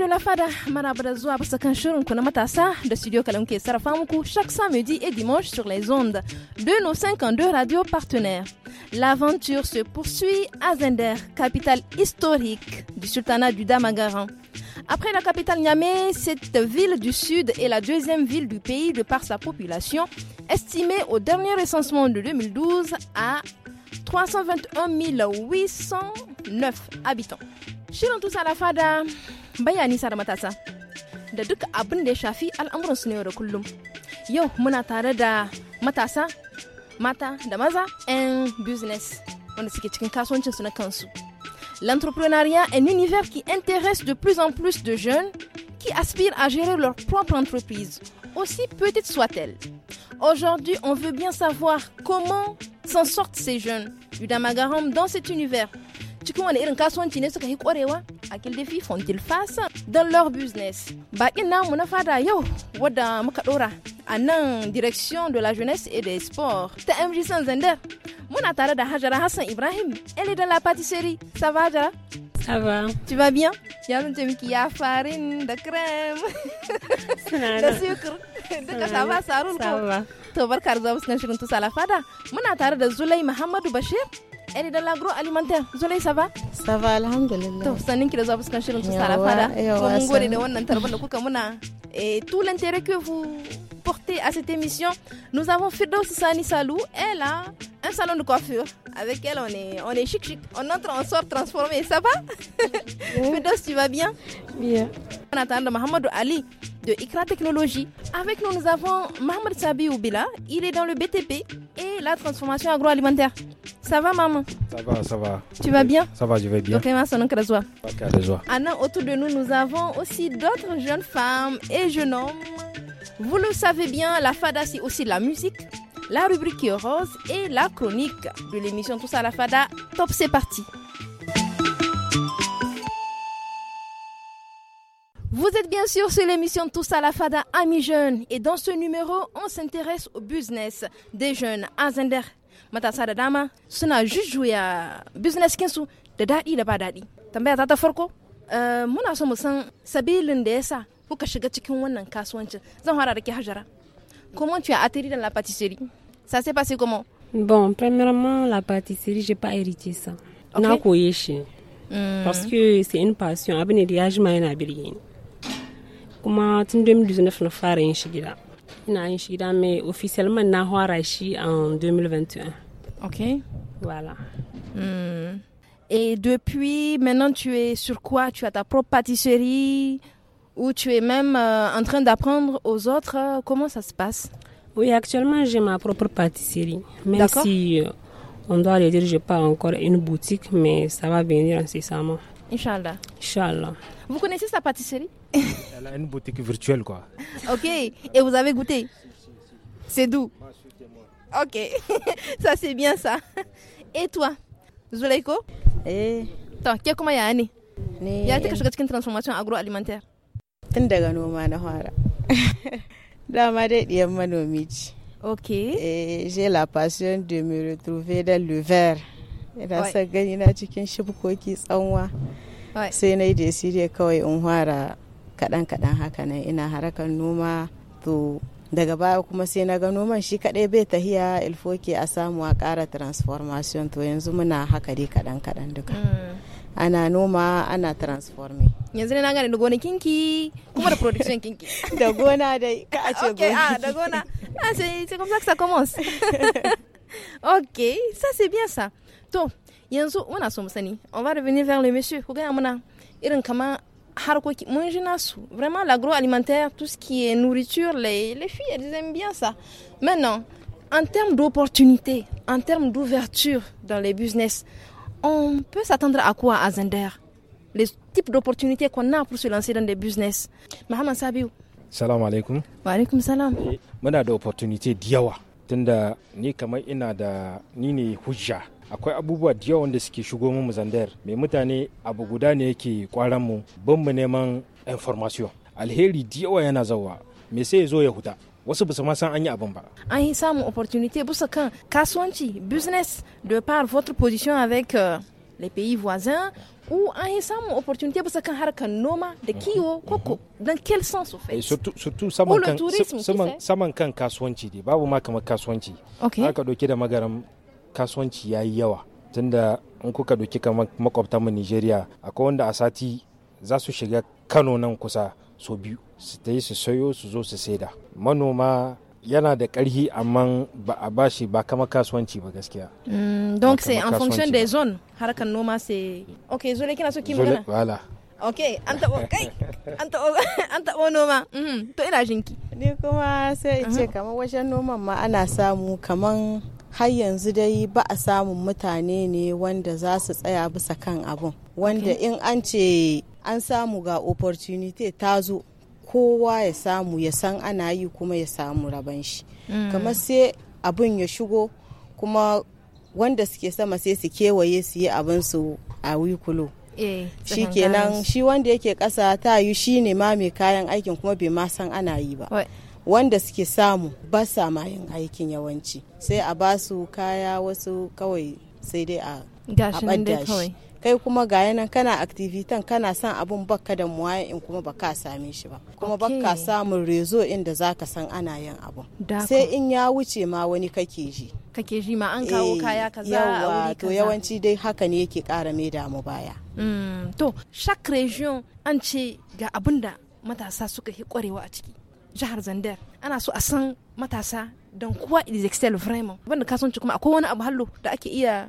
studio la fada Marabrazo da zuwa kan shirin ku na studio kalam ke chaque samedi et dimanche sur les ondes de nos 52 radios partenaires. L'aventure se poursuit à Zender, capitale historique du sultanat du Damagaran. Après la capitale Niamey, cette ville du sud est la deuxième ville du pays de par sa population, estimée au dernier recensement de 2012 à 321 809 habitants. Shirin tusa la fada bayani da matasa da duk abin da ya shafi al'amuransu na da kullum. Yau muna tare da matasa, mata da maza on business wanda suke cikin kasuwancinsu na kansu. L'entrepreneuriat est un univers qui intéresse de plus en plus de jeunes qui aspirent à gérer leur propre entreprise, aussi petite soit-elle. Aujourd'hui, on veut bien savoir comment s'en sortent ces jeunes. du Udamagaram dans cet univers cikin wani irin kasuwanci ne suka yi kwarewa a font fontil fasa don leur business bakin namu na fada yau wadda muka dora a nan direction de la jeunesse et des sports ta mg san zander muna tare da hajara hassan ibrahim elle est de la pâtisserie ça va hajara Ça va. Tu vas bien Yanzu ce miki ya farin da crème da sukur duka ta ba sarul ko. To barkar zuwa cikin shirin tusa fada muna tare da Zulai Muhammadu Bashir yar dans l'agroalimentaire. alimentaire zulai ça va ça va alhamdulillah to sanin ki da zuwa fuskan shirin su sarafa da mun wannan tarbar da kuka muna eh tout l'intérêt que vous portée à cette émission, nous avons Fedos Sani Salou. Elle a un salon de coiffure. Avec elle, on est, on est chic chic. On entre, on sort transformé. Ça va Fedos? tu vas bien Bien. On attend Mohamed Ali de Ikra Technologie. Avec nous, nous avons Mohamed Sabi Oubila. Il est dans le BTP et la transformation agroalimentaire. Ça va, maman Ça va, ça va. Tu vas bien Ça va, je vais bien. Anna, autour de nous, nous avons aussi d'autres jeunes femmes et jeunes hommes vous le savez bien, la fada c'est aussi la musique, la rubrique rose et la chronique de l'émission Tous à la fada. Top, c'est parti. Vous êtes bien sûr sur l'émission Tous à la Fada, amis jeunes. Et dans ce numéro, on s'intéresse au business des jeunes à Zender. Je suis juste joué à business kinsu da daɗi da ba daɗi tambaya ta ta farko eh, muna so mu san da shiga cikin wannan kasuwancin zan fara hajara comment tu as atterri dans la pâtisserie ça s'est passé comment bon premièrement la pâtisserie j'ai pas hérité ça okay. na koye hmm. parce que c'est une passion abin da ya jima yana birge ni kuma tun 2019 na fara yin shi ina yin mai officiellement na fara shi en 2021 ok voilà hmm. Et depuis, maintenant, tu es sur quoi Tu as ta propre pâtisserie ou tu es même euh, en train d'apprendre aux autres euh, comment ça se passe Oui, actuellement, j'ai ma propre pâtisserie. Même si euh, on doit le dire, je n'ai pas encore une boutique, mais ça va venir incessamment. Inch'Allah. Inch'Allah. Vous connaissez sa pâtisserie Elle a une boutique virtuelle, quoi. ok, et vous avez goûté C'est doux Ok, ça c'est bien ça. Et toi, Zuleiko Eh. Toi, comment y a quelque chose qui est une transformation agroalimentaire tun daga noma na fara dama dai diyan manomi ce ok eh j'ai la passion de me retrouver dans le verre ina son gani na cikin shibkoki tsanwa sai na yi kawai in fara kaɗan-kaɗan haka nan ina harakan noma to daga baya kuma sai na ga noman shi kaɗai bai tahiya ilfoke a samuwa a kara transformation to yanzu muna haka dai kaɗan. kadan duka mm. ana noma ana transforme. yanzu na gane da gonakin ki kuma da production kinki da gona dai ka a ce ah, gona da gona ah c'est comme ça que ça commence ok ça c'est bien ça to yanzu muna so mu sani on va revenir vers le monsieur ko gaya muna irin kama harkoki mun ji nasu vraiment l'agroalimentaire tout ce qui est nourriture les, les filles elles aiment bien ça maintenant en termes d'opportunités en termes d'ouverture dans les business on peut s'attendre à quoi à Zender Les types d'opportunités qu'on a pour se lancer dans des business. Mahaman Sabiou. Salam alaikum. Wa alaikum salam. Eh, muna da opportunity da yawa tunda ni kamar ina da ni ne hujja akwai abubuwa da yawa wanda suke shigo mu zandar mai mutane abu guda ne yake kwaran mu ban mu neman information alheri da yawa yana zawa me sai ya zo ya huta wasu ba su ma san an yi business de par votre position avec euh, les pays voisins ou an yi samun opportunity kan harkar noma da mhm. Mhm. quel sens surtout kasuwanci babu ma kasuwanci okay. da kasuwanci yayi yawa tunda in kuka kamar Nigeria akwai wanda a sati za su su ta yi su sayo su zo su saida manoma yana da ƙarhi amma ba a bashi ba kama kasuwanci ba gaskiya. Mm, donc sai en fonction des zones harkar noma sai ok zole kina so ki magana wala ok an taɓo kai an taɓo noma mhm, to ina jinki ni kuma sai in ce kamar wajen noman ma ana samu kamar har yanzu dai ba a samun mutane ne wanda za su tsaya bisa kan abun wanda in an ce an samu ga opportunity ta zo kowa ya samu ya san ana yi kuma ya samu raban shi mm. kamar sai abin ya shigo kuma wanda suke sama sai su kewaye su yi abin su a wikulo eh, shi kenan shi wanda yake kasa ta yi shi ne ma mai kayan aikin kuma bai ma san ana yi ba wanda suke samu ba sa ma yin aikin yawanci sai a basu kaya wasu kawai sai dai a kai kuma ga yanan kana activitan kana son abun bakka da muwaye in kuma baka same shi ba kuma baka samun rezo inda zaka san ana yin abun sai in ya wuce ma wani kake ji kake ji ma an kawo eh, kaya kaza a wuri kaza to yawanci dai haka ne yake kara mai damu baya mm, to chaque region an ce ga abinda matasa suka yi kwarewa a ciki jihar zandar ana so a san matasa don kuwa it is excel vraiment wanda kasance kuma akwai wani abu hallo da ake iya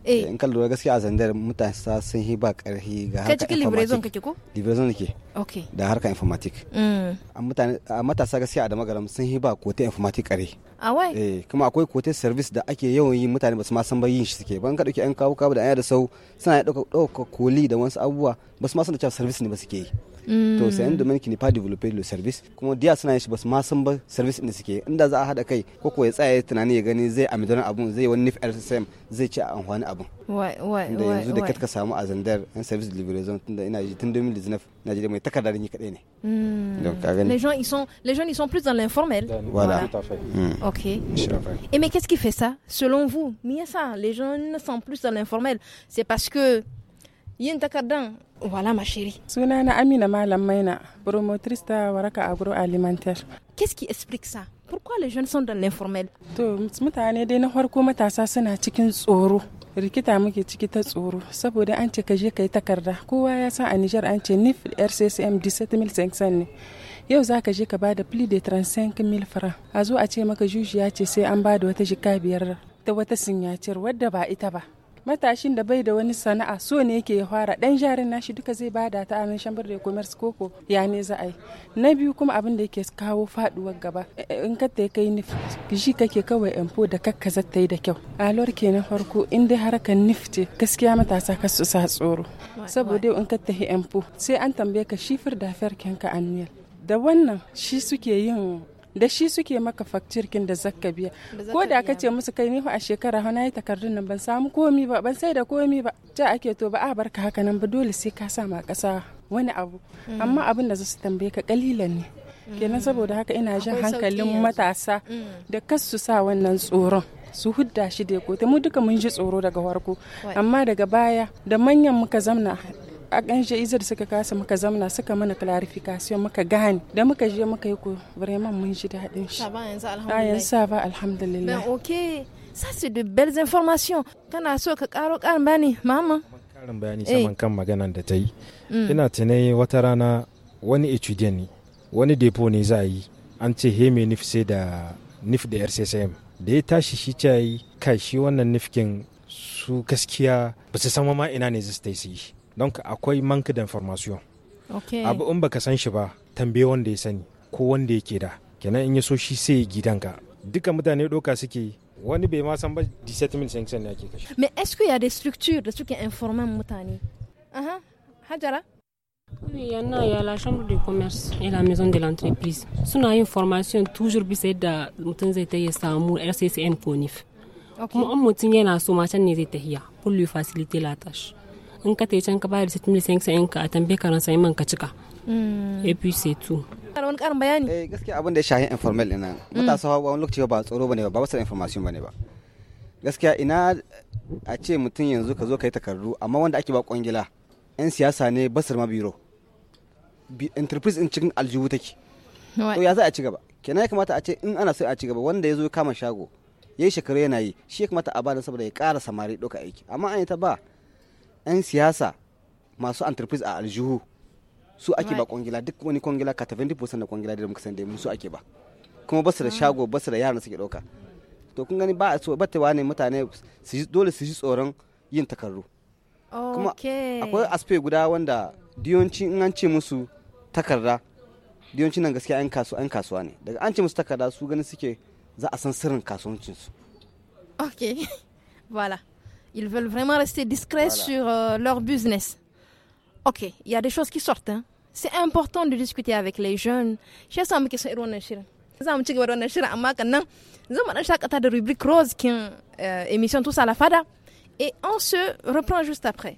Eh. Eh, in ka lura gaskiya a zandar mutane sa sun yi ba karfi ga harkar cikin librazon kake ko librazon nake okay da harkar informatik. Mm. a mutane a matasa gaskiya a da magaram sun yi ba kote informatik kare a wai eh kuma akwai kote service da ake yawan yi mutane ba su ma san ba yin shi suke ban ka dauki an kawo kawo da aya da sau suna ya ɗauka koli da wasu abubuwa ba su ma san da cewa service ne ba suke yi mm. to sai yan domin kini fa developer lo service kuma diya suna shi ba su ma san ba service ne suke inda za a hada kai ko ko ya tsaya tunani ya gani zai amidoran abun zai wani nif lsm zai ci a amfani Ouais, ouais, ouais. da ka samu à zandar yan service de livraison. ina ji 2019 na ji da mai takardar ni hmm. donc ka gani les gens ils sont les jeunes ils sont plus dans l'informel voilà, tout à fait hmm. ok et mais qu'est-ce qui fait ça selon vous mais ça les jeunes sont plus dans l'informel c'est parce que yin takardan Voilà, ma chérie. Sunana Amina Malam Maina, promotrice de Waraka Agroalimentaire. Qu'est-ce qui explique ça Pourquoi les jeunes sont dans l'informel? To mutane dai na farko matasa suna cikin tsoro. rikita muke ciki ta tsoro saboda an ce ka je ka takarda kowa ya san a Niger an ce NIF RCCM 17500 ne yau za ka je ka bada pli de 35000 francs a zo a ce maka jujiya ce sai an bada wata jika biyar ta wata sinyacir wadda ba ita ba matashin da bai da wani sana'a so ne yake ya fara dan jarin nashi duka zai bada ta anan shambar da commerce koko ya ne za a yi na biyu kuma abin da yake kawo faduwar gaba in ka ta kai nif shi kake kawai empo da kakka zata yi da kyau alor kenan farko in dai harkar nif ce gaskiya matasa ka su sa tsoro saboda in ka tafi empo sai an tambaye ka shifir da farkenka annual da wannan shi suke yin da shi suke maka fakcirkin da zakka biya ko da ka ce musu kai ni a shekara hana yi takardun nan ban samu komi ba ban sai da komi ba ta ake to ba a barka haka nan ba dole sai ka sa ma kasa wani abu mm. amma abin da zasu tambaye ka kalilan ne mm. kenan saboda haka ina jin hankalin matasa mm. da kas su sa wannan tsoron su hudda shi da ya mu duka mun ji tsoro daga warko amma daga baya da manyan muka zamna a kan ganje izar suka kasa muka zamna suka mana clarification muka gane da muka je muka yi ku vraiment mun ji daɗin shi a yanzu sa ah, ba alhamdulillah ok ça c'est de belles informations kana so ka karo karin bani mama karin bayani saman eh. kan maganan da ta yi mm. ina tunai wata rana wani etudiant ne wani depo ne za a yi an ce heme nif sai da nif da rccm da ya tashi shi ce kai shi wannan nifkin su gaskiya ba su sama ma ina ne zai su yi donc akwai manka da information okay. abu in baka san shi ba tambaye wanda ya sani ko wanda yake da kenan in ya so shi sai gidanka duka mutane doka suke wani bai ma san ba 17500 ne ake kashe mais est-ce qu'il y a des structures da suke informer mutane aha hajara Oui, il y en a, il y a la chambre de commerce et la maison de l'entreprise. Si on a une formation, toujours bis da mutum zai ta yi samu RCCN konif. Kuma an mutum yana so macen ne zai ta hiya, pour lui faciliter la tâche. in ka can ka bayar da sitimi sai ka a tambaye ka ransa man ka cika mm. apc 2 wani karin bayani eh gaskiya abin da ya shahin informal ina mm. matasa ba wani lokaci ba tsoro bane ba ba wasu information bane ba gaskiya ina a ce mutum yanzu ka zo ka yi takardu amma wanda ake ba kwangila yan siyasa ne basar ma biro enterprise in cikin aljihu take to ya za a ci gaba kenan ya kamata a ce in ana so a ci gaba wanda ya zo kama shago ya yi shekaru yana yi shi ya kamata a bada saboda ya ƙara samari ɗauka aiki amma an yi ta ba 'yan siyasa masu entreprise a aljihu su ake ba kwangila duk wani kwangila ka tafi ndipo na kwangila da muka san da su ake ba kuma basu da shago basu da yaran suke dauka to kun gani ba a so ta wani mutane dole su ji tsoron yin takarru kuma akwai aspe guda wanda diyonci in an ce musu takarda diyonci nan gaskiya 'yan kasuwa 'yan kasuwa ne daga an ce musu takarda su gani suke za a san sirrin kasuwancinsu okay voilà Ils veulent vraiment rester discrets sur euh, leur business. Ok, il y a des choses qui sortent. Hein. C'est important de discuter avec les jeunes. Je que c'est euh, à la fada et on se reprend juste après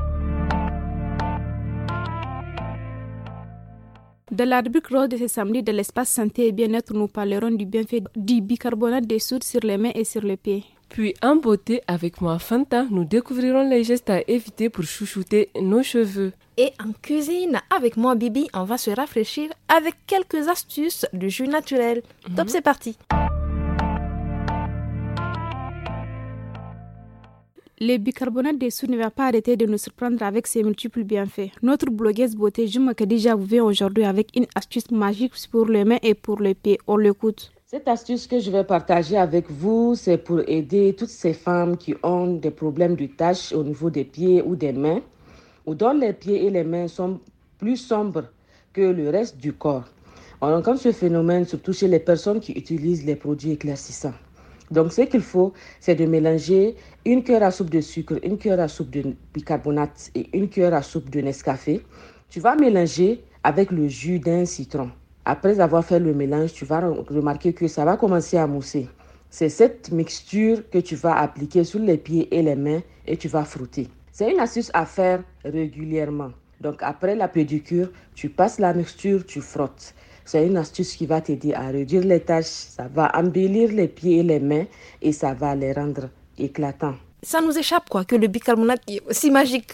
Dans la rubrique de ce samedi de l'espace santé et bien-être, nous parlerons du bienfait du bicarbonate des soude sur les mains et sur les pieds. Puis en beauté, avec moi Fanta, nous découvrirons les gestes à éviter pour chouchouter nos cheveux. Et en cuisine, avec moi Bibi, on va se rafraîchir avec quelques astuces de jus naturel. Top, mhm. c'est parti! Le bicarbonate de soude ne va pas arrêter de nous surprendre avec ses multiples bienfaits. Notre blogueuse beauté Juma déjà vous vient aujourd'hui avec une astuce magique pour les mains et pour les pieds. On l'écoute. Cette astuce que je vais partager avec vous, c'est pour aider toutes ces femmes qui ont des problèmes de taches au niveau des pieds ou des mains, ou dont les pieds et les mains sont plus sombres que le reste du corps. On rencontre ce phénomène surtout chez les personnes qui utilisent les produits éclaircissants. Donc, ce qu'il faut, c'est de mélanger une cuillère à soupe de sucre, une cuillère à soupe de bicarbonate et une cuillère à soupe de Nescafé. Tu vas mélanger avec le jus d'un citron. Après avoir fait le mélange, tu vas remarquer que ça va commencer à mousser. C'est cette mixture que tu vas appliquer sur les pieds et les mains et tu vas frotter. C'est une astuce à faire régulièrement. Donc après la pédicure, tu passes la mixture, tu frottes. C'est une astuce qui va t'aider à réduire les tâches, ça va embellir les pieds et les mains et ça va les rendre éclatants. Ça nous échappe quoi, que le bicarbonate est aussi magique.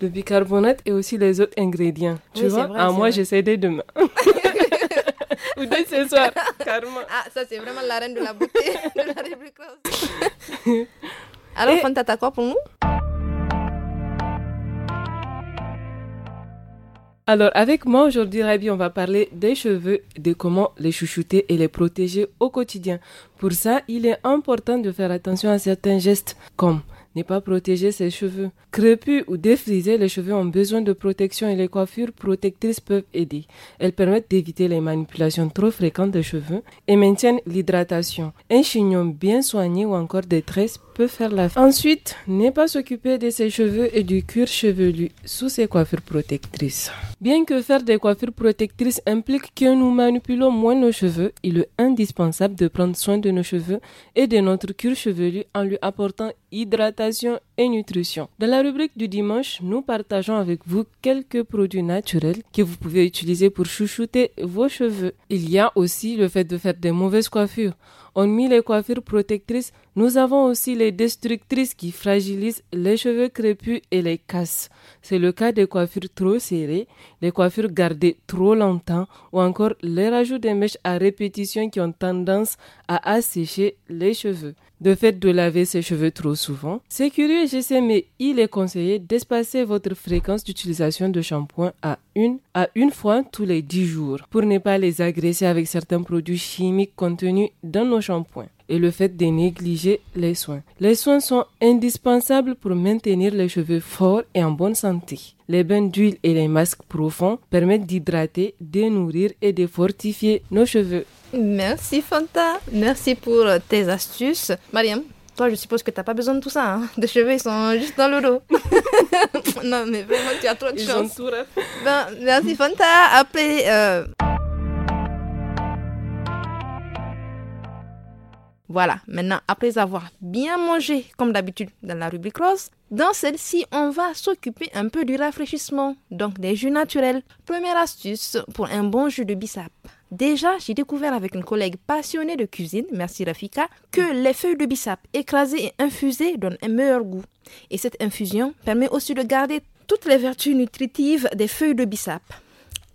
Le bicarbonate et aussi les autres ingrédients. tu vois, ah, moi j'essaie dès demain. Ou dès ce soir, carrément. Ah, ça c'est vraiment la reine de la beauté de la Alors, Fanta, t'as quoi pour nous Alors, avec moi aujourd'hui, Rabi, on va parler des cheveux, de comment les chouchouter et les protéger au quotidien. Pour ça, il est important de faire attention à certains gestes, comme ne pas protéger ses cheveux. Crépus ou défrisés, les cheveux ont besoin de protection et les coiffures protectrices peuvent aider. Elles permettent d'éviter les manipulations trop fréquentes des cheveux et maintiennent l'hydratation. Un chignon bien soigné ou encore des tresses faire la Ensuite, n'est pas s'occuper de ses cheveux et du cuir chevelu sous ses coiffures protectrices. Bien que faire des coiffures protectrices implique que nous manipulons moins nos cheveux, il est indispensable de prendre soin de nos cheveux et de notre cuir chevelu en lui apportant hydratation nutrition. Dans la rubrique du dimanche, nous partageons avec vous quelques produits naturels que vous pouvez utiliser pour chouchouter vos cheveux. Il y a aussi le fait de faire des mauvaises coiffures. mit les coiffures protectrices, nous avons aussi les destructrices qui fragilisent les cheveux crépus et les cassent. C'est le cas des coiffures trop serrées, des coiffures gardées trop longtemps ou encore les rajouts des mèches à répétition qui ont tendance à assécher les cheveux de fait de laver ses cheveux trop souvent. C'est curieux, je sais, mais il est conseillé d'espacer votre fréquence d'utilisation de shampoing à une à une fois tous les 10 jours pour ne pas les agresser avec certains produits chimiques contenus dans nos shampoings et le fait de négliger les soins. Les soins sont indispensables pour maintenir les cheveux forts et en bonne santé. Les bains d'huile et les masques profonds permettent d'hydrater, de nourrir et de fortifier nos cheveux. Merci Fanta, merci pour tes astuces. Mariam, toi, je suppose que tu n'as pas besoin de tout ça. Hein. cheveux, ils sont juste dans le dos. non, mais vraiment, tu as trop de chance. Ben, merci Fanta. Après. Euh Voilà, maintenant, après avoir bien mangé, comme d'habitude dans la rubrique rose, dans celle-ci, on va s'occuper un peu du rafraîchissement, donc des jus naturels. Première astuce pour un bon jus de bissap. Déjà, j'ai découvert avec une collègue passionnée de cuisine, merci Rafika, que les feuilles de bissap écrasées et infusées donnent un meilleur goût. Et cette infusion permet aussi de garder toutes les vertus nutritives des feuilles de bissap.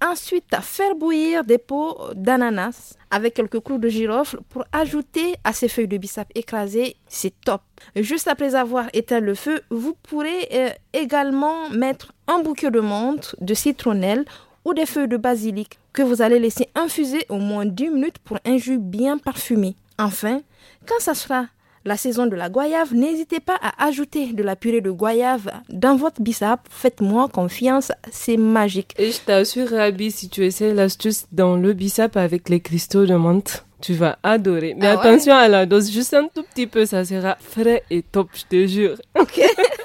Ensuite, faire bouillir des pots d'ananas avec quelques clous de girofle pour ajouter à ces feuilles de bissap écrasées. C'est top. Juste après avoir éteint le feu, vous pourrez euh, également mettre un bouquet de menthe, de citronnelle ou des feuilles de basilic que vous allez laisser infuser au moins 10 minutes pour un jus bien parfumé. Enfin, quand ça sera la saison de la goyave, n'hésitez pas à ajouter de la purée de goyave dans votre bissap. Faites-moi confiance, c'est magique. Et je t'assure, Rabi, si tu essaies l'astuce dans le bisap avec les cristaux de menthe, tu vas adorer. Mais ah attention à la dose, juste un tout petit peu, ça sera frais et top, je te jure. Ok.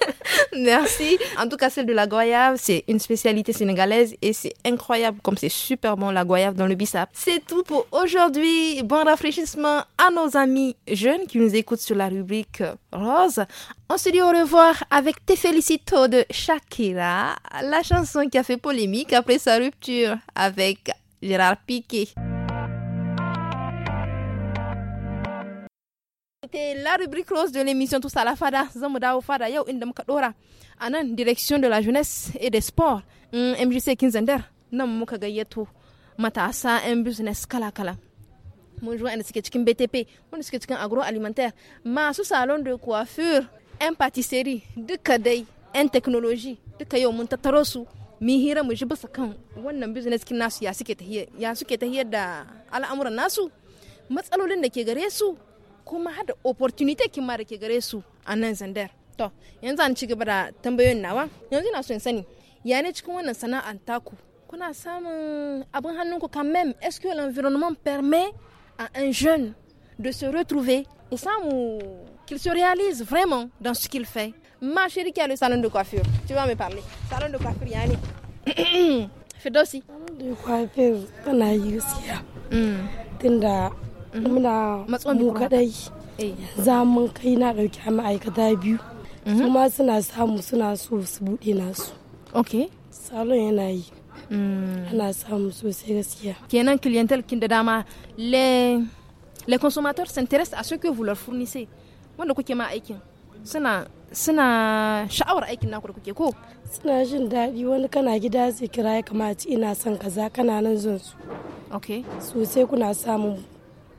Merci. En tout cas, celle de la goyave, c'est une spécialité sénégalaise et c'est incroyable comme c'est super bon la goyave dans le bissap. C'est tout pour aujourd'hui. Bon rafraîchissement à nos amis jeunes qui nous écoutent sur la rubrique rose. On se dit au revoir avec tes Felicito de Shakira, la chanson qui a fait polémique après sa rupture avec Gérard Piquet. C'était la rubrique rose de l'émission tout ça la Fada. dawo Fada, muka dora a Anan, direction de la jeunesse et des sports. MJC mm, Kinzender, nan muka gayyato matasa 'yan business kala-kala. Mun ji wa'anda suke cikin BTP, wanda suke cikin agroalimentaire, masu salon de coiffure, 'yan patisserie, duka dai 'yan technology, duka yau mun tattaro su mi hira mu ji bisa kan wannan business kin nasu ya suke tahiyar da al'amuran nasu matsalolin da ke gare su kuma hada opportunity su a nan zandar to yanzu an ci gaba tambayoyin nawa yanzu so in sani ya ne cikin wannan sana'ar taku kuna samun quand même est-ce que l'environnement permet à un jeune de se retrouver et samu qu'il se réalise vraiment dans ce qu'il fait ma chérie qui a le salon de coiffure tu vas me parler salon de coiffure yani salon de coiffure hein. hmm. muna mu kadai eh. za mun kai na dauki ma'aikata biyu mhm. su ma suna samu suna so su bude nasu ok salon yana yi hmm. ana samu sosai gaskiya kenan clientele kin da dama le les consommateurs s'intéressent à ce que vous leur fournissez wanda kuke ma aikin suna suna sha'awar aikin naku da kuke ko suna jin daɗi wani kana gida zai kira ya kamaci ina son kaza kana nan zan su ok sosai kuna samun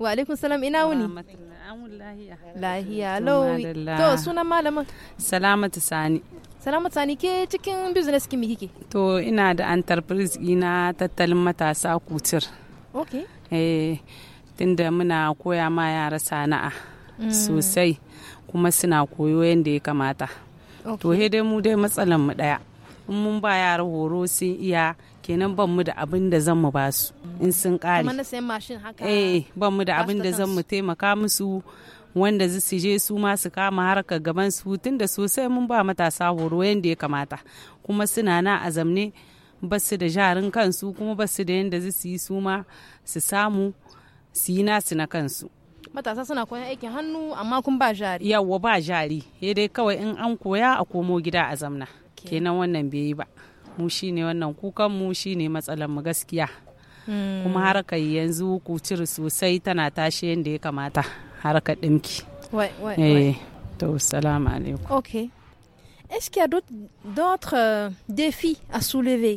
wa salam ina wuni lahiya to sunan malamin salamatu sani salamatu sani ke cikin business kimi kike to ina da enterprise ina tattalin matasa kutir okay eh tunda muna koya ma yara sana'a sosai kuma suna koyo yadda ya kamata to he dai mu dai matsalan mu daya mun ba yara horo sun iya kenan ban mu da abin da zan mu ba su in sun kare kamar na sayan mashin haka eh ban mu da abin da zan mu taimaka musu wanda su je su ma su kama harka gaban su tun da sosai mun ba matasa horo yadda ya kamata kuma suna na a zamne su da jarin kansu kuma ba su da yadda su yi su ma su samu su yi nasu na kansu matasa suna koyan aikin hannu amma kun ba jari yawwa ba jari ya dai kawai in an koya a komo gida a zamna kenan wannan bai yi ba mu shine wannan kukan mu shine matsalar mu gaskiya hmm. kuma harkar yanzu kucir sosai tana tashi yadda ya kamata harkar ɗinki eh to salamu alaikum ok est-ce qu'il a d'autres euh,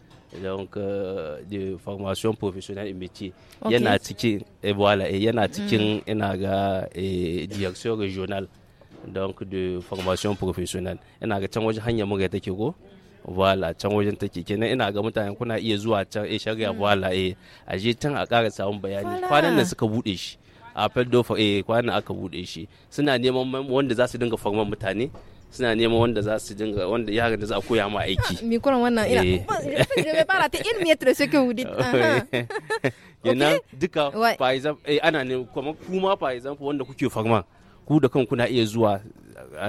donc euh, de formation professionnelle et métier yana cikin et voilà yana cikin ina ga direction régionale donc de formation professionnelle ina ga can wajen hanyar ga take ko voilà can wajen take kenan ina ga mutane kuna iya zuwa can eh shari'a voila eh a je tan a ƙara samun bayani kwanan da suka bude shi a feldofa eh kwanan aka bude shi suna neman wanda za su dinga forman mutane suna neman wanda za su dinga wanda ya da za a koya ma aiki mi kuran wannan ina eh. ba ta ilmi ya tura mietre ce yana duka faizan example eh, ana ne kuma kuma faizan wanda kuke farma ku da kanku na iya zuwa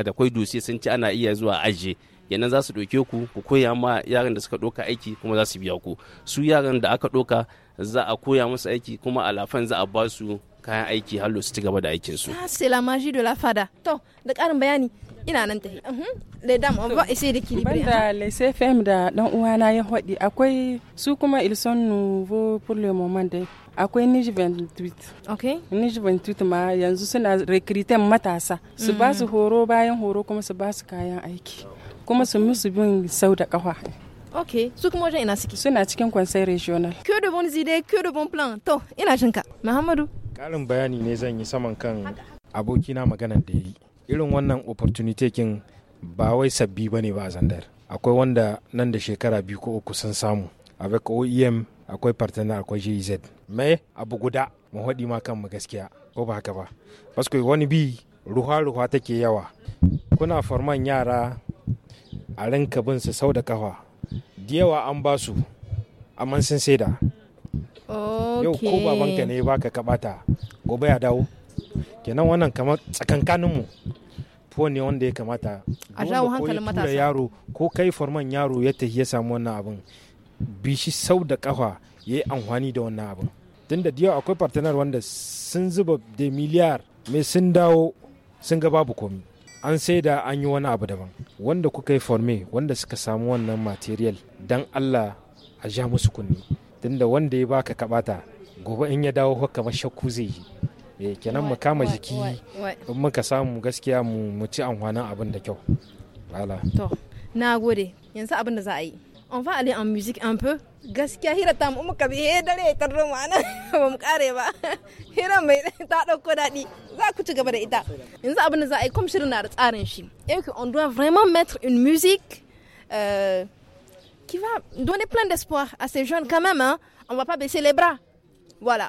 da kwai dosiye sun ci ana iya zuwa aje yana za su ɗauke ku ku koya ma yaran da suka ɗauka aiki kuma za su biya ku su yaran da aka ɗauka za a koya musu aiki kuma alafan za a ba su kayan aiki hallo su ci gaba da aikin su. Ah, c'est la magie de la fada. To, da ƙarin bayani ina nan tafi mhm. da dam on va essayer d'équilibrer banda laisser femme da dan uwana ya hodi akwai su kuma ilson nuvo pour le moment dai akwai nij 28 Ok. nij 28 ma yanzu suna recruter matasa su mhm. ba su horo bayan horo kuma su ba su kayan aiki kuma su musu bin sau da kafa Ok, su kuma wajen ina suke? Suna cikin conseil regional. Que de bon idées, que de bon plan To, ina jinka. Muhammadu. Karin bayani ne zan yi saman kan abokina maganan da ya yi. irin wannan opportunity kin ba wai sabbi bane ba a zandar akwai wanda nan da shekara biyu ko uku sun samu avec oem akwai partner akwai gz e mai abu guda mu haɗi ma kanmu gaskiya ko ba haka ba basko wani bi ruwa-ruwa take yawa kuna forman yara a rinka bin su sau da kafa da yawa an ba su amma sun saida yau ko babanka ne baka kabata gobe ya dawo kenan wannan kamar tsakankaninmu fo ne wanda ya kamata a jawo hankalin matasa yaro ko kai forman yaro ya tafi ya samu wannan abin bishi sau da kafa ya yi amfani da wannan abin tun da diyo akwai partner wanda sun zuba da miliyar mai sun dawo sun ga babu komi an sai da an yi wani abu daban wanda kuka yi forme wanda suka samu wannan material dan allah a ja musu kunni tunda wanda ya baka kabata gobe in ya dawo haka shakku zai yi eh kenan mu kama jiki in muka samu gaskiya mu ci amfanin abin da kyau wala to na gode yanzu abin da za a yi on va aller en musique un peu gaskiya hira ta mu ka biye dare ta roma na ba mu kare ba hira mai ta dauko dadi za ku ci gaba da ita yanzu abin da za a yi kuma shirin na da tsarin shi eh on doit vraiment mettre une musique euh, qui va donner plein d'espoir à ces jeunes quand même hein. on va pas baisser les bras voilà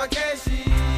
uma queixa.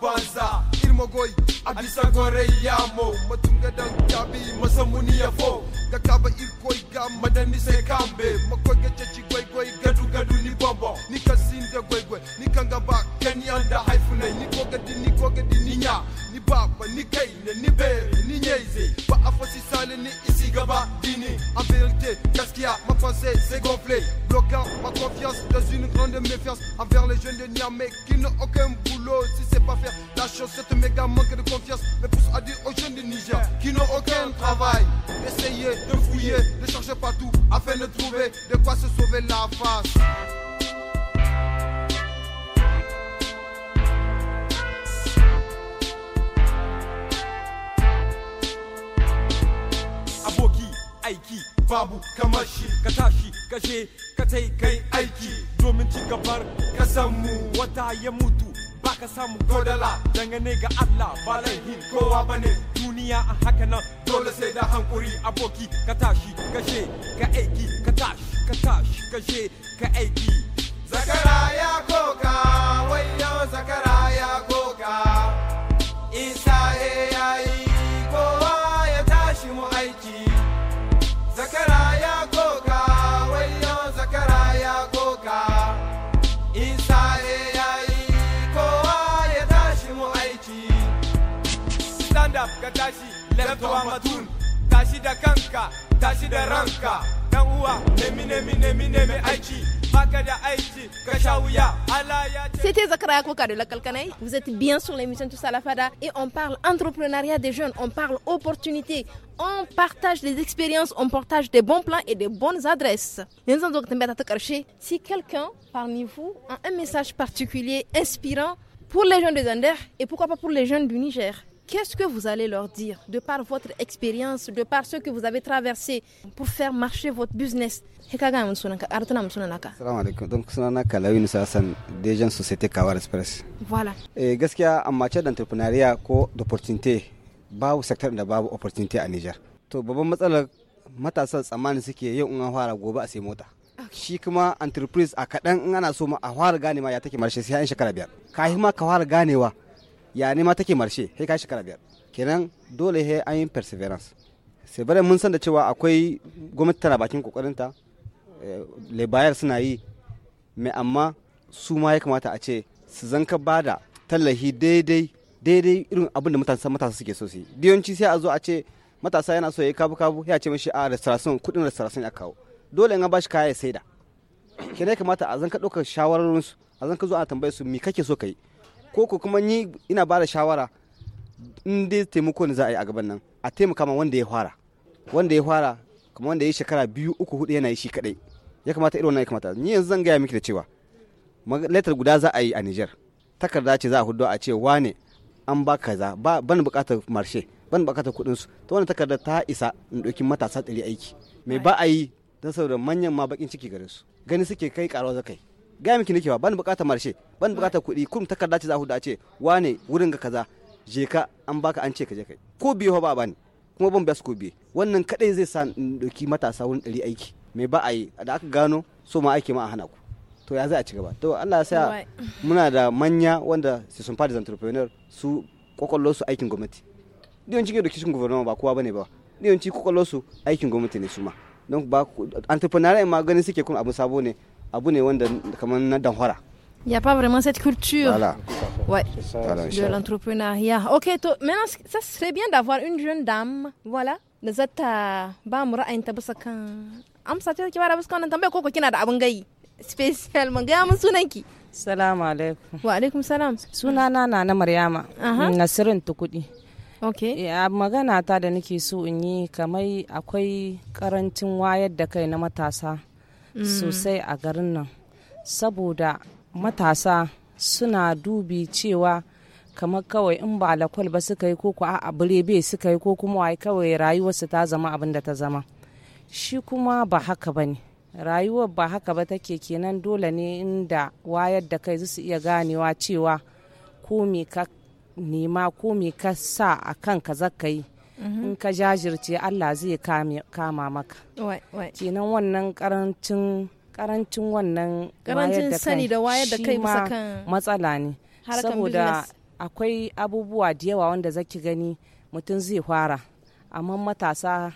banza irimo goyi a gore yamo matunga dan kyabi masamuni ya fo ga kaba irkoi ga madani sai kambe makoge ce ci gwaigwai gadu gadu ni bombo ni kasi C'était Zakaria Koka de la Kalkanaï. Vous êtes bien sur l'émission Tous à Fada et on parle entrepreneuriat des jeunes, on parle opportunité, on partage des expériences, on partage des bons plans et des bonnes adresses. Si quelqu'un parmi vous a un message particulier, inspirant pour les jeunes des Andes et pourquoi pas pour les jeunes du Niger, Qu'est-ce que vous allez leur dire de par votre expérience, de par ce que vous avez traversé pour faire marcher votre business Donc, des gens société Kawar Express. Voilà. Et gaskiya a matière d'entrepreneuriat ko d'opportunité babu secteur da babu opportunité a Niger. To babban matsalar matasan tsammanin suke yau in an fara gobe a sai mota. Shi kuma entreprise a kaɗan in ana so ma a fara ganewa ya take marshe sai an shekara biyar. Kahi ma ka fara ganewa ya ne ma take marshe sai ka shekara biyar kenan dole sai an yi perseverance sai bare mun san da cewa akwai gwamnati tana bakin kokarinta eh, bayar suna yi mai amma su ma ya kamata a ce su zanka bada tallahi daidai daidai irin abin da matasa suke so su yi diyonci sai a zo a ce matasa yana so ya kabu kabu ya ce mishi a restoration kudin restoration ya kawo dole in an bashi kaya ya saida kenan ya kamata a zanka ɗaukar shawararinsu a zanka zo a tambaye su me kake so ka yi ko ko kuma ni ina ba da shawara in dai taimako ne za a yi a gaban nan a taimaka ma wanda ya fara wanda ya fara kuma wanda ya shekara biyu uku hudu yana yi shi kadai ya kamata irin wannan ya kamata ni yanzu zan gaya miki da cewa letar guda za a yi a Niger takarda ce za a hudu a ce wane an ba kaza ba ban bukatar marshe ban bukatar kudin su ta wannan takarda ta isa in doki matasa ɗari aiki mai ba a yi don saboda manyan ma bakin ciki gare su gani suke kai karawa zakai gaya miki nake ba ban bukatar marshe ban bukatar kuɗi kun takarda ce za ku dace wane wurin ga kaza je ka an baka an ce ka je kai ko biyo ba bani kuma ban biya ko biye wannan kadai zai sa in doki matasa wurin ɗari aiki me ba a yi da aka gano so ma ake ma a hana ku to ya zai a ci gaba to Allah ya sa muna da manya wanda su sun fadi entrepreneur su kwakwallo su aikin gwamnati yawanci ke doki shin gwamnati ba kowa bane ba yawanci kwakwallo su aikin gwamnati ne su ma don ba entrepreneur ma ganin suke kuma abu sabo ne abu ne wanda kamar na damfara Il n'y a pas vraiment cette culture voilà. ouais, voilà, de l'entrepreneuriat. Ok, to, maintenant, ça serait bien d'avoir une jeune dame, voilà, da za ta ba mu ra'ayinta bisa kan amsa ta kibara bisa kan tambaya koko kina da abin gai special mun gaya mun sunanki salamu alaikum wa alaikum salam sunana na na maryama nasirin tukudi Okay. Ya magana ta da nake so in yi kamar akwai karancin wayar da kai na matasa sosai a garin nan saboda matasa suna dubi cewa kamar kawai in ba lakwal ba suka yi ko a birebe suka yi ko kuma wai kawai rayuwarsu ta zama abin da ta zama shi kuma ba haka ba ne rayuwar ba haka ba take kenan dole ne inda wayar da kai su iya ganewa cewa ko me ka nema ko me ka sa a kan ka zaka yi Mm-hmm. in ka jajirce Allah zai kama maka kenan wannan karancin karancin wannan karancin sani da wayar da kai bisa kan matsala ne saboda akwai abubuwa da yawa wanda zaki gani mutum zai fara amma matasa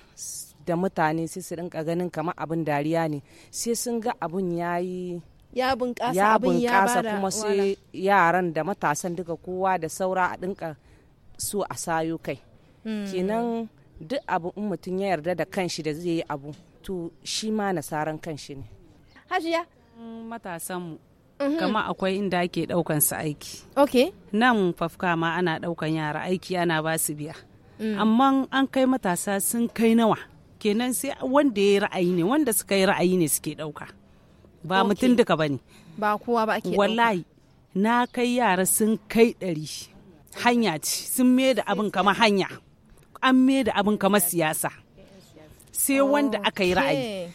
da mutane sai su rinka ganin kamar abin dariya ne sai sun ga abin ya yi ya bunƙasa kuma sai yaran da matasan duka kowa da saura a dinka su a sayo kai Hmm. kenan duk abu in mutum ya yarda da kanshi da zai yi abu to shi ma nasaran kanshi ne hajiya mu mhm. kama akwai inda ake daukan su aiki okay nan fafka ma ana daukan yara aiki ana ba su biya hmm. amma an kai matasa sun kai nawa kenan sai wanda ya yi ra'ayi ne wanda suka yi ra'ayi ne suke dauka ba mutum duka ba ne ba kowa ba ake wallahi na kai yara sun kai ɗari hanya ce sun me da abin kama hanya an da abin kamar siyasa sai wanda aka yi ra'ayi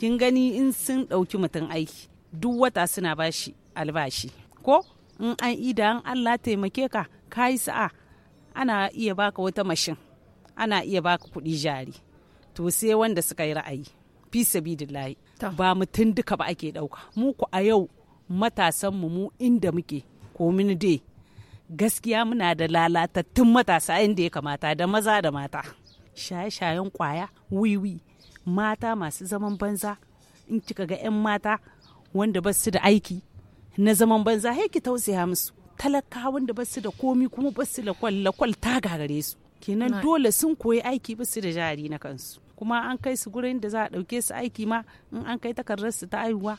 kin gani in sun ɗauki mutum aiki duk wata suna bashi albashi ko in an ida an allah taimake ka ka yi sa'a ana iya baka wata mashin ana iya baka kuɗi jari to sai wanda suka yi ra'ayi fi sabidillahi ba mutum duka ba ake ɗauka mu ku a yau matasanmu mu inda muke ko mini dai gaskiya muna da lalatattun matasa inda ya kamata da maza da mata shaye-shayen kwaya wiwi mata masu zaman banza in kika ga 'yan mata wanda ba su da aiki na zaman banza ki tausaya musu talaka wanda ba su da komi kuma ba su da kwal ta gagare su kenan dole sun koyi aiki ba su da jari na kansu kuma an kai su gurin da za a ɗauke su aiki ma in an kai takardar su ta aiwa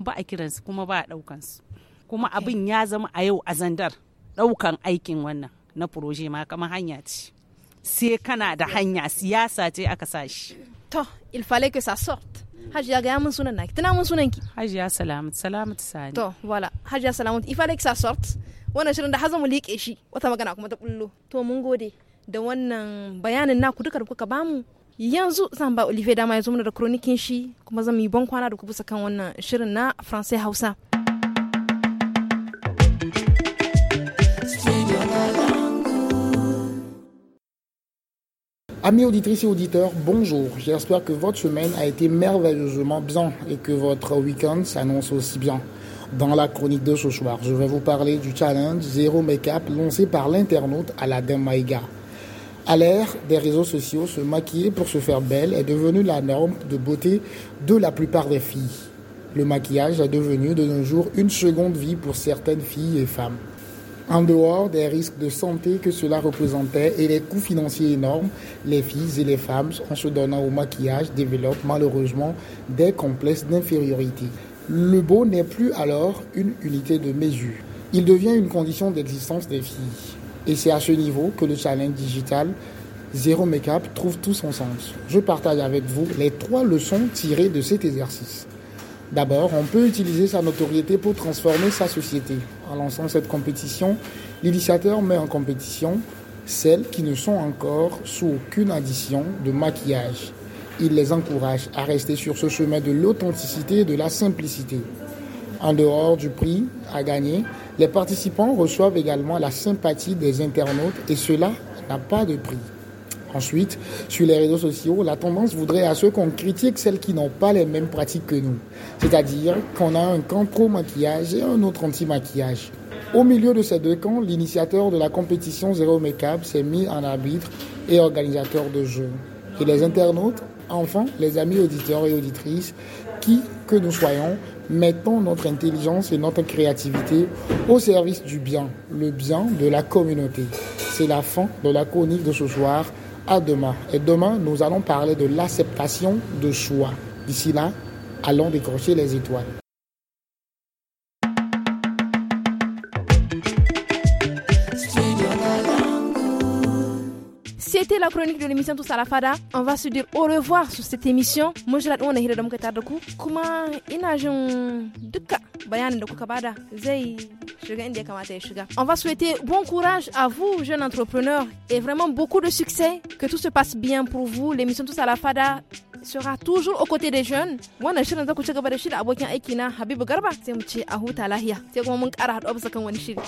ba a kiransu kuma ba a ɗaukansu kuma abin ya zama a yau a zandar ɗaukan aikin wannan na proje ma kama hanya ce sai kana da hanya siyasa ce aka sa shi to il fallait que ça sorte hajiya ga mun sunan naki tana mun sunan ki hajiya salamat salamat sani to wala hajiya salamat il fallait que ça sorte wannan shirin da hazamu liƙe shi wata magana kuma ta bullo to mun gode da wannan bayanin naku duka da kuka bamu yanzu zan ba olive dama ya zo mana da kronikin shi kuma zan yi ban kwana da ku bisa kan wannan shirin na faransai hausa Amis auditrices et auditeurs, bonjour. J'espère que votre semaine a été merveilleusement bien et que votre week-end s'annonce aussi bien. Dans la chronique de ce soir, je vais vous parler du challenge Zéro Make-up lancé par l'internaute Aladin Maïga. À l'ère des réseaux sociaux, se maquiller pour se faire belle est devenu la norme de beauté de la plupart des filles. Le maquillage est devenu de nos jours une seconde vie pour certaines filles et femmes. En dehors des risques de santé que cela représentait et les coûts financiers énormes, les filles et les femmes, en se donnant au maquillage, développent malheureusement des complexes d'infériorité. Le beau n'est plus alors une unité de mesure. Il devient une condition d'existence des filles. Et c'est à ce niveau que le challenge digital Zero make trouve tout son sens. Je partage avec vous les trois leçons tirées de cet exercice. D'abord, on peut utiliser sa notoriété pour transformer sa société. En lançant cette compétition, l'initiateur met en compétition celles qui ne sont encore sous aucune addition de maquillage. Il les encourage à rester sur ce chemin de l'authenticité et de la simplicité. En dehors du prix à gagner, les participants reçoivent également la sympathie des internautes et cela n'a pas de prix. Ensuite, sur les réseaux sociaux, la tendance voudrait à ceux qu'on critique celles qui n'ont pas les mêmes pratiques que nous. C'est-à-dire qu'on a un camp pro-maquillage et un autre anti-maquillage. Au milieu de ces deux camps, l'initiateur de la compétition Zéro Make-up s'est mis en arbitre et organisateur de jeux. Et les internautes, enfin les amis auditeurs et auditrices, qui que nous soyons, mettons notre intelligence et notre créativité au service du bien, le bien de la communauté. C'est la fin de la chronique de ce soir à demain. Et demain, nous allons parler de l'acceptation de choix. D'ici là, allons décrocher les étoiles. c'était la chronique de l'émission Tous à la Fada. On va se dire au revoir sur cette émission. Moi, je l'adore, on est là dans tare da ku. Kuma ina jin duka bayanin da kuka bada zai shiga inda ya kamata ya shiga. On va souhaiter bon courage à vous, jeunes entrepreneurs, et vraiment beaucoup de succès. Que tout se passe bien pour vous. L'émission Tous à la Fada sera toujours aux côtés des jeunes. Moi, Wannan shirin za ku ci gaba da shi da abokin aiki na Habibu Garba sai mu ce a huta lahiya. Sai kuma mun kara haɗu bisa kan wani shiri.